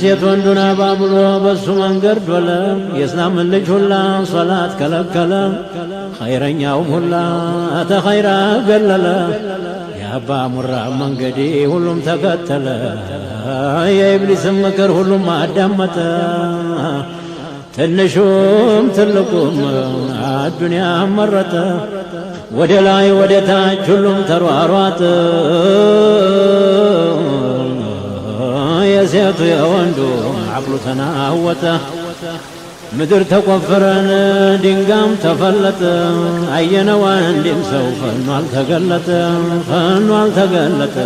ሴት ወንዱን አባብሎ በሱ መንገድ ዶለ። የእስላም ልጅ ሁላ ሶላት ከለከለ። ኸይረኛውም ሁላ ተኸይራ ገለለ። የአባ ሙራ መንገዴ ሁሉም ተከተለ። የኢብሊስም ምክር ሁሉም አዳመጠ። ትንሹም ትልቁም አዱንያ መረጠ። ወደ ላይ ወደ ታች ሁሉም ተሯሯጥ። የሴቱ የወንዱ አቅሉ ተናወጠ። ምድር ተቆፈረን ድንጋም ተፈለጠ። አየነው አንድም ሰው ፈኖ አልተገለጠ፣ ፈኖ አልተገለጠ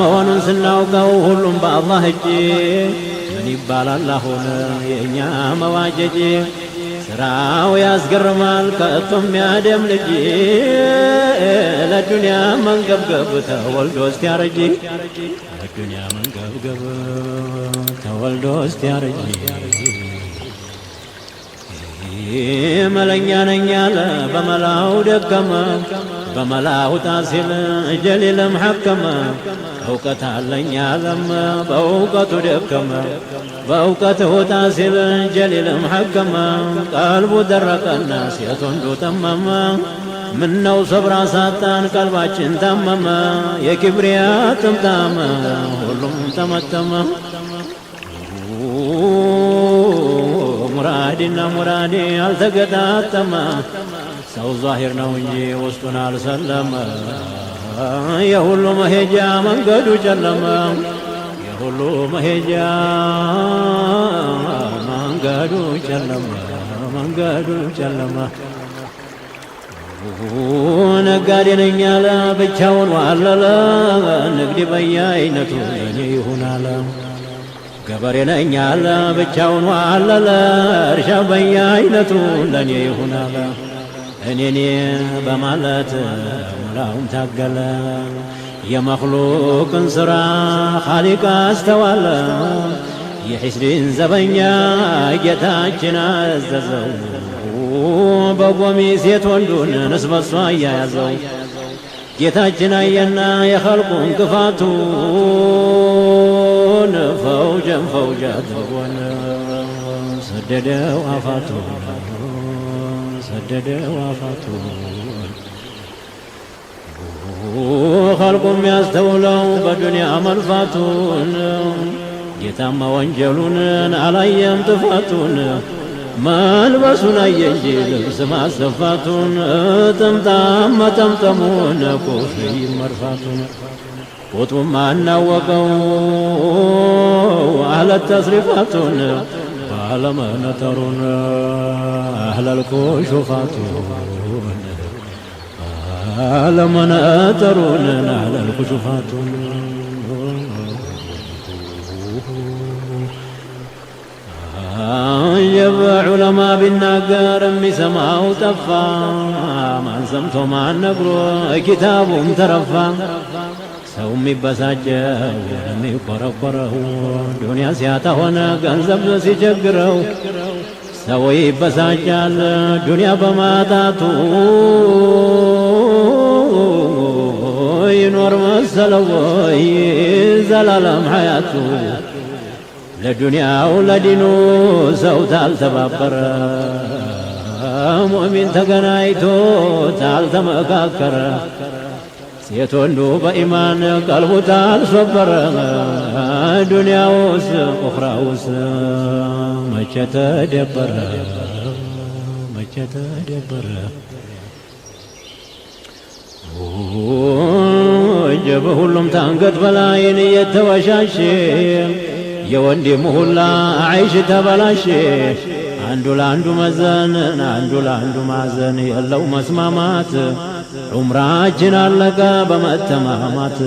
መሆኑን ስናውቀው ሁሉም በአላህ እጅ ምን ይባላል አሁን የእኛ መዋጀጅ ስራው ያስገርማል ከቶም ያደም ልጅ ለዱንያ መንገብገብ ተወልዶ ያረጂ ለዱንያ መንገብገብ ተወልዶ ያረጂ መለኛ ነኛለ በመላው ደከመ በመላውጣ ሲል ጀሊልም ሐከመ እውቀት አለኝ አለም በእውቀቱ ደከመ በእውቀት ውጣ ሲል ጀሊልም ሐከመ ቀልቡ ደረቀና ሴት ወንዱ ጠመመ ምነው ሰብራ ሳጣን ቀልባችን ታመመ የኪብሪያ ጥምጣመ ሁሉም ተመተመ ሙራዲና ሙራዴ አልተገጣጠመ ሰው ዛሂር ነው እንጂ ውስጡን አልሰለመ። የሁሉ መሄጃ መንገዱ ጨለመ። የሁሉ መሄጃ መንገዱ ጨለመ። መንገዱ ጨለመ። ነጋዴ ነኝ አለ ብቻውን ዋለለ። ንግድ በየአይነቱ የኔ ይሁን አለ። ገበሬ ነኝ አለ ብቻውን ዋለለ። እርሻ በየአይነቱ ለእኔ ይሁን አለ። እኔኔ በማለት ሙላውን ታገለ የመኽሉቅን ሥራ ኻሊቅ አስተዋለ የሒስሪን ዘበኛ ጌታችን አዘዘው በጎሚ ሴት ወንዱን ንስበሷ እያያዘው ጌታችን አየና የኸልቁን ክፋቱን ፈውጀን ፈውጃት በጎን ሰደደው አፋቱን ሰደደ ዋፋቱን ኸልቁም ያስተውለው በዱንያ መልፋቱን ጌታማ ወንጀሉንን አላየም ጥፋቱን መልበሱን አየ እንጂ ልብስ ማሰፋቱን ጥምጣም መጠምጠሙን ኮፍይ መርፋቱን ቁጡም አናወቀው አለት ተስሪፋቱን أعلم نترنا أهل الكوش فاتون أعلم نترنا أهل الكوش فاتون يا علماء بالنقار من سماء تفا من سمتم عن نقر كتاب ترفا ሰው የሚበሳጨው የሚቆረቆረው ዱንያ ሲያጣ ሆነ ገንዘብ ሲቸግረው ሰው ይበሳጫል ዱንያ በማጣቱ ይኖር መሰለው ወይ ዘላለም ሀያቱ ለዱንያው ለዲኑ ሰው ታልተባበረ ሙእሚን ተገናኝቶ ታልተመካከረ ሴት ወንዱ በኢማን ቀልቡታ አልሶበረ ዱንያ ውስ ኡኽራ መቼ ተደበረ መቼ ተደበረ እጀ በሁሉም ታንገት በላይን እየተወሻሼ የወንድም ሁላ አይሽ ተበላሼ አንዱ ለአንዱ መዘን አንዱ ለአንዱ ማዘን የለው መስማማት ዑምራችን አለቀ በመተማማት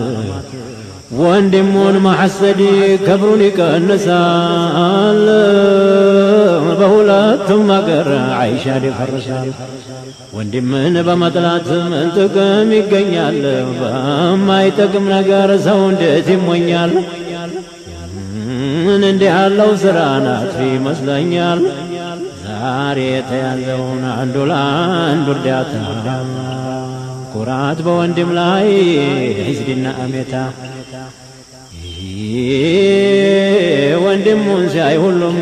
ወንድሙን ማሐሰድ ክብሩን ይቀንሳል። በሁለቱም አገር አይሻ ይፈርሳል። ወንድምን በመጥላት ምን ጥቅም ይገኛል? በማይጠቅም ነገር ሰው እንዴት ይሞኛል? ምን እንዲህ ያለው ስራ ናት ይመስለኛል። ዛሬ የተያዘውን አንዱ ለአንዱ እርዳታ ኩራት በወንድም ላይ ህዝድና አሜታ ወንድሙን ሲያይ ሁሉም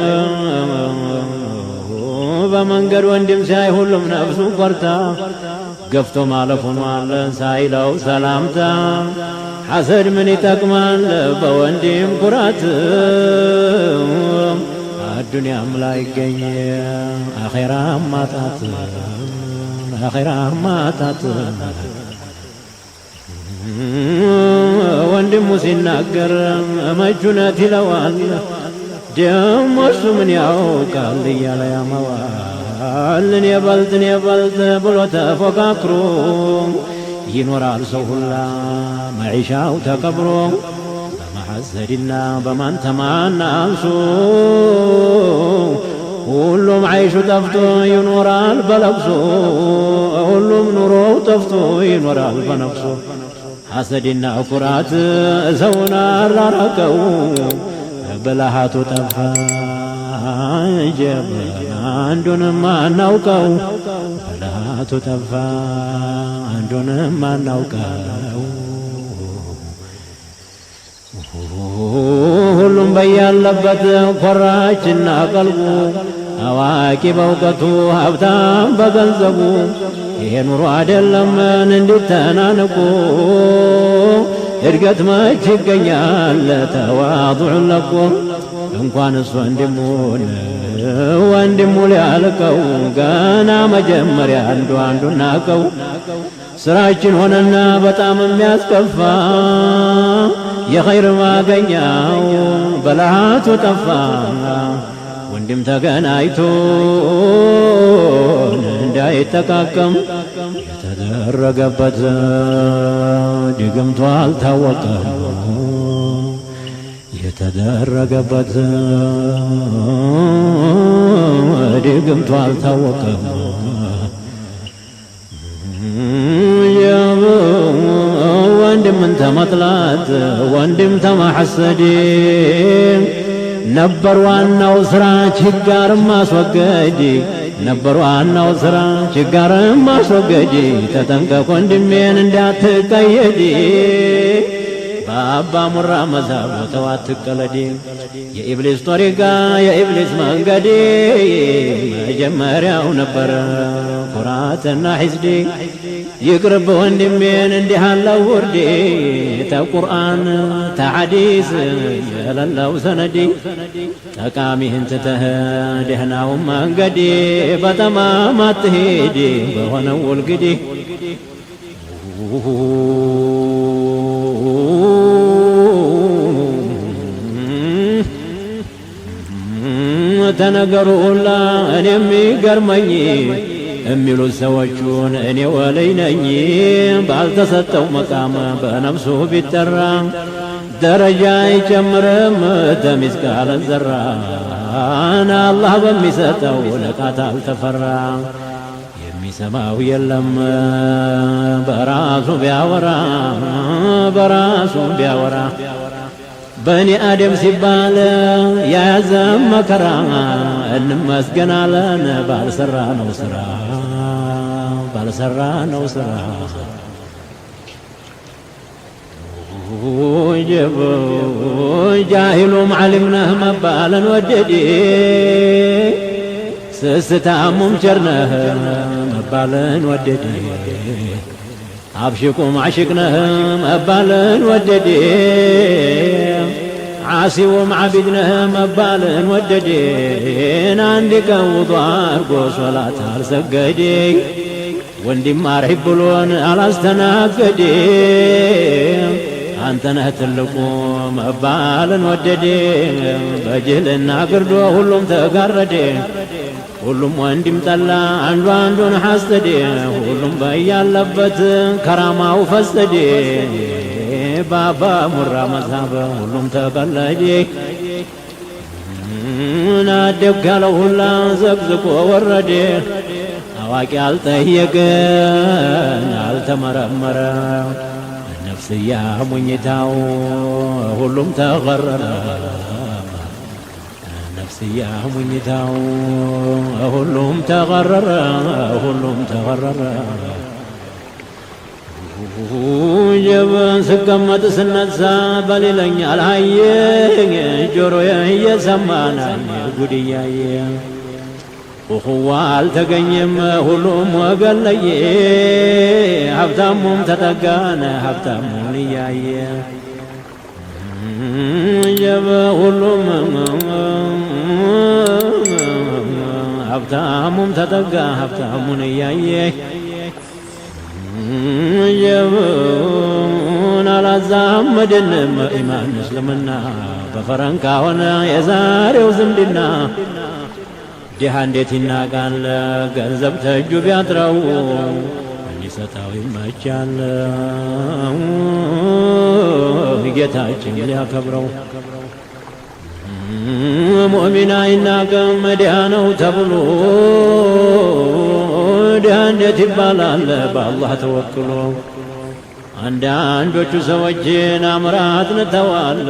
በመንገድ ወንድም ሲያይ ሁሉም ነፍሱ ቆርታ ገፍቶ ማለፉን ማለን ሳይለው ሰላምታ ሐሰድ ምን ይጠቅማል በወንድም ኩራት አዱንያም ላይ ይገኝ አኼራም ማጣት አኼራ ማጣት ወንድሙ ሲናገር መቹነት ይለዋል። ደሞ እሱ ምን ያውቃል እያለ ያመዋል። እኔ በልጥ እኔ በልጥ ብሎ ተፎካክሮ ይኖራል ሰው ሁላ መዒሻው ተቀብሮ በመሐሰድና በማንተማና አንሱ ሁሉም አይሹ ጠፍቶ ይኖራል በለቅሶ ሁሉም ኑሮ ጠፍቶ ይኖራል በነፍሶ ሐሰድና ኩራት ሰውን አራራቀው በልሃቱ ጠፋ ጀበና አንዱንም አናውቀው በልሃቱ ጠፋ አንዱንም አናውቀው ሁሉም በያለበት ኮራችና ቀልቡ አዋቂ በእውቀቱ ሀብታም በገንዘቡ ይሄ ኑሮ አይደለምን እንዲተናንቁ እድገት መች ይገኛል ተዋضዑ እንኳን እሱ ወንድሙን ወንድሙ ሊያልቀው ገና መጀመሪያ አንዱ አንዱ ናቀው ስራችን ሆነና በጣም የሚያስከፋ የኸይር ማገኛው በላቱ ጠፋ ወንድም ተገናኝቶ እንዳይጠቃቀም የተደረገበት ድግምቱ አልታወቀም። የተደረገበት ድግምቱ አልታወቀም። ወንድምን ተመጥላት ወንድም ተማሐሰድ ነበር ዋናው ስራ ችጋር ማስወገድ ነበር ዋናው ስራ ችጋር ማስወገድ። ተጠንቀቅ ወንድሜን እንዳትቀየድ በአባ ሙራ መዛብ ተው አትቀለድ። የኢብሊስ ጦሪጋ የኢብሊስ መንገድ መጀመሪያው ነበረ ኩራትና ሒስድ ይቅርብ ወንድሜን እንዲህ አለው ውርዴ ተቁርአን ተሐዲስ የለለው ሰነዲ ጠቃሚህን ትተህ ደህናውን መንገዴ በጠማማ አትሂድ በሆነው ውልግዲ ተነገሩ ሁላ እኔ የሚገርመኝ የሚሉት ሰዎቹን እኔ ወልይ ነኝ ባልተሰጠው መቃም በነፍሱ ቢጠራ ደረጃ አይጨምርም ተሚስቃለ ዘራ አላህ በሚሰጠው ለቃት አልተፈራ የሚሰማው የለም በራሱ ቢያወራ በራሱ ቢያወራ በእኔ አደም ሲባል ያያዘም መከራ እንመስገናለን ባልሰራ ነው ስራ ባልሰራ ነው ስራ ጃሂሉም ዓሊም ነህ መባለን ወደዴ ስስታሙም ቸርነህ መባለን ወደዴ አብሽቁም ነህ መባለን ወደዴ ዓሲውም ዓቢድ ነህ መባልን ወደዴን አንድ ቀን አርጎ ሶላት አልሰገዴ ወንድም አርሂብ ብሎን አላስተናገዴ አንተነህ ትልቁ መባልን ወደዴ በጅልና ግርዶ ሁሉም ተጋረዴ ሁሉም ወንድም ጠላ አንዱ አንዱን ሐሰዴ ሁሉም በያለበት ከራማው ፈሰዴ ባባ ሙራ መዝሃበ ሁሉም ተቀለጄ ናደብ ያለው ሁላ ዘቅዝቆ ወረደ። አዋቂ አልጠየቅን አልተመረመረ ነፍስያ ሙኝታው ሁሉም ተቀረረ ነፍስያ ሙኝታው ሁሉም ተቀረረ ሁሉም ተቀረረ ስቀመጥ ስነሳ በሌለኛ አልሃየኝ ጆሮዬ ጉድያየ ውህዋ አልተገኘም ሁሉም ወገን ሀብታሙም ተጠጋነ ሀብታሙን እያየ ሁሉም ሀብታሙም ተጠጋ ሀብታሙን እያየ የቡን አላዛመድንም ኢማን እስልምና በፈረንካ ሆነ የዛሬው ዝምድና ዲሃ እንዴት ይናቃል ገንዘብ ተእጁ ቢያጥረው እንዲሰጠው ይመቻል ጌታችን ሊያከብረው ሙእሚን አይናቅም ድሃ ነው ተብሎ ድሃ እንዴት ይባላል በአላህ ተወክሎ። አንዳንዶቹ ሰዎችን አምራት ንተዋል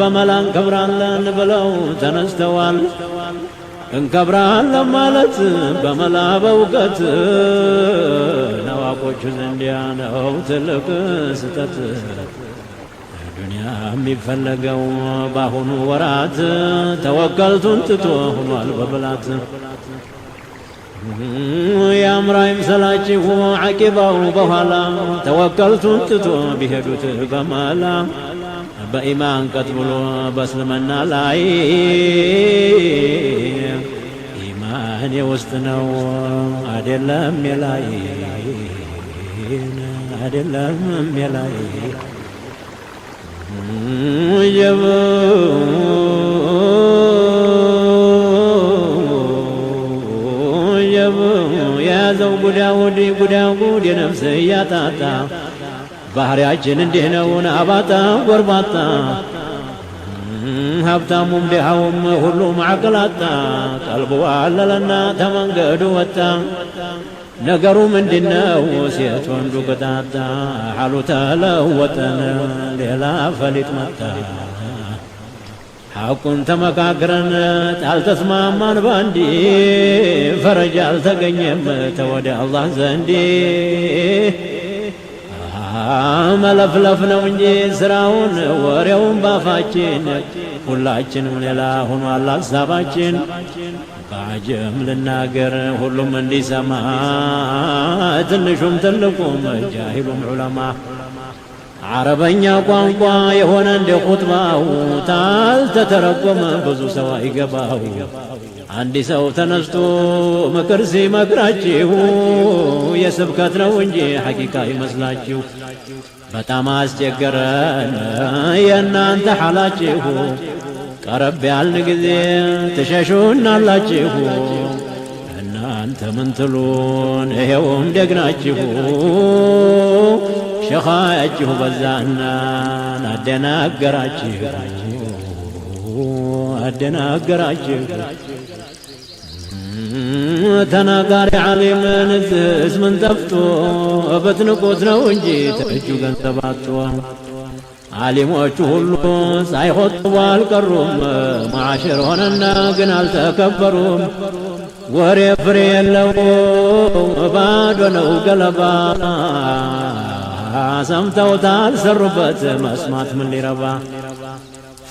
በመላ እንከብራለን ብለው ተነስተዋል። እንከብራለን ማለት በመላ በእውቀት ነዋቆቹ ዘንዲያ ነው ትልቅ ስጠት ዱንያ የሚፈለገው በአሁኑ ወራት ተወከልቱን ትቶ ሆኗል በብላት የአምራ ይምሰላችሁ ዓቂባው በኋላ ተወከልቱን ትቶ ቢሄዱት በማላ በኢማን ቀጥ ብሎ በእስልምና ላይ ኢማን የውስጥ ነው አደለም የላይ አደለም የላይ የያዘው ጉዳ ጉዳጉድ የነፍስ እያጣጣ ባህሪያችን እንዲህ ነውን አባጣ ጎርባጣ ሀብታሙም ድሃውም ሁሉም አቅላጣ ቀልቡ አለለና ተመንገዱ ወጣ ነገሩ ምንድነው? ሴት ወንዱ ቅጣጣ ሀሉ ተለወጠን ሌላ ፈሊጥ መጣ። ሐቁን ተመካክረን አልተስማማን ባንዲ ፈረጃ አልተገኘም ተወደ አላህ ዘንዲ መለፍለፍ ነው እንጂ ስራውን ወሬውን ባፋችን ሁላችንም ሌላ ሆኗል ሀሳባችን። በአጀም ልናገር ሁሉም እንዲሰማ ትንሹም ትልቁም ጃሂሉም ዑለማ አረበኛ ቋንቋ የሆነ እንደ ኹጥባው ታልተተረጎመ ብዙ ሰው አይገባው። አንድ ሰው ተነስቶ ምክር ሲመክራችሁ የስብከት ነው እንጂ ሐቂቃ ይመስላችሁ በጣም አስቸገረን የእናንተ ሐላችሁ ቀረብ ያልን ጊዜ ትሸሹናላችሁ። እናንተ ምንትሉን ይሄውም ደግናችሁ ሸኻያችሁ በዛና አደናገራችሁ አደናገራችሁ ተናጋሪ ዓሊም ንዝስ ምን ጠፍቶ በትንቆት ነው እንጂ ተእጁ ገንዘብ አጥቶ ዓሊሞቹ ሁሉ ሳይቆጥቡ አልቀሩም። ማዕሽር ሆነና ግን አልተከበሩም። ወሬ ፍሬ የለው ባዶ ነው ገለባ። ሰምተውታ ሰሩበት መስማት ምን ሊረባ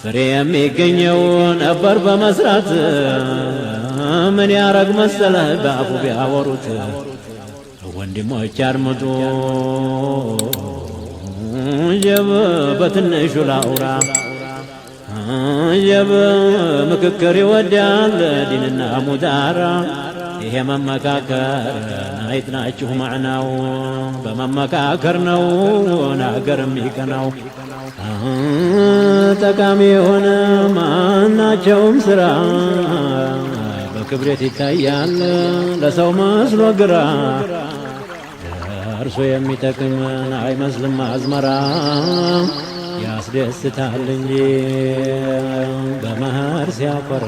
ፍሬ የሚገኘው ነበር በመስራት ምን ያረግ መሰለ በአፉ ቢያወሩት ወንድሞች አድምጡ ጀብ በትንሹ ላውራ ጀብ ምክክር ይወዳል ዲንና ሙዳራ ይሄ መመካከር ናይት ናችሁ ማዕናው በመመካከር ነው ናገር የሚቀናው ጠቃሚ የሆነ ማናቸውም ስራ ክብሬት ይታያል ለሰው መስሎ ግራ እርሶ የሚጠቅምን አይመስልም አዝመራ ያስደስታል እንጂ በመኸር ሲያኮራ